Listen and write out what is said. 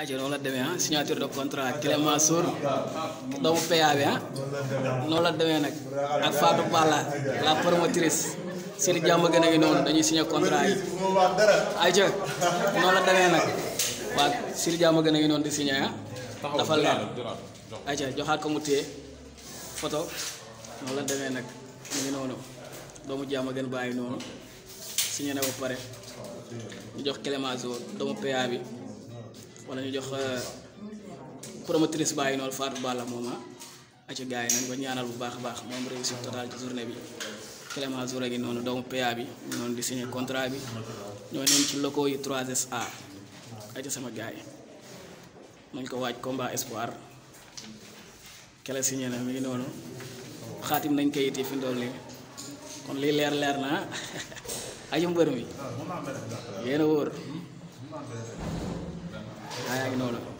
ajo noonu la demee ah signature de contrat Clément Sour doomu PA bi ah noonu la demee nag ak Fatou Balla la promotrice Sidi Diamb gën a ngi noonu dañuy signé contrat yi ajo noonu la demee nag a ngi noonu di signé ah dafa leer ajo joxaat ko mu téye photo noonu la demee nag mu ngi noonu doomu Diamb gën bàyyi noonu signé na ba pare ñu jox Clément Sour doomu PA bi wala ñu jox euh, promotrice bàyyi noonu Fatou Balla mooma ah. a gars yi nañ ko ñaanal bu baax a baax moom réussite totale ci journée bi Clément Zoura gi noonu doomu PA bi noonu di signé contrat bi ñoo neen ci locaux yi 3SA aca sama gars yi nañ ko waaj combat espoir kele signé na mi ngi noonu xaatim nañ kayit yi fi ndool nii kon lii leer leer na aju mbër mi yéen wóor yaa ngi noonu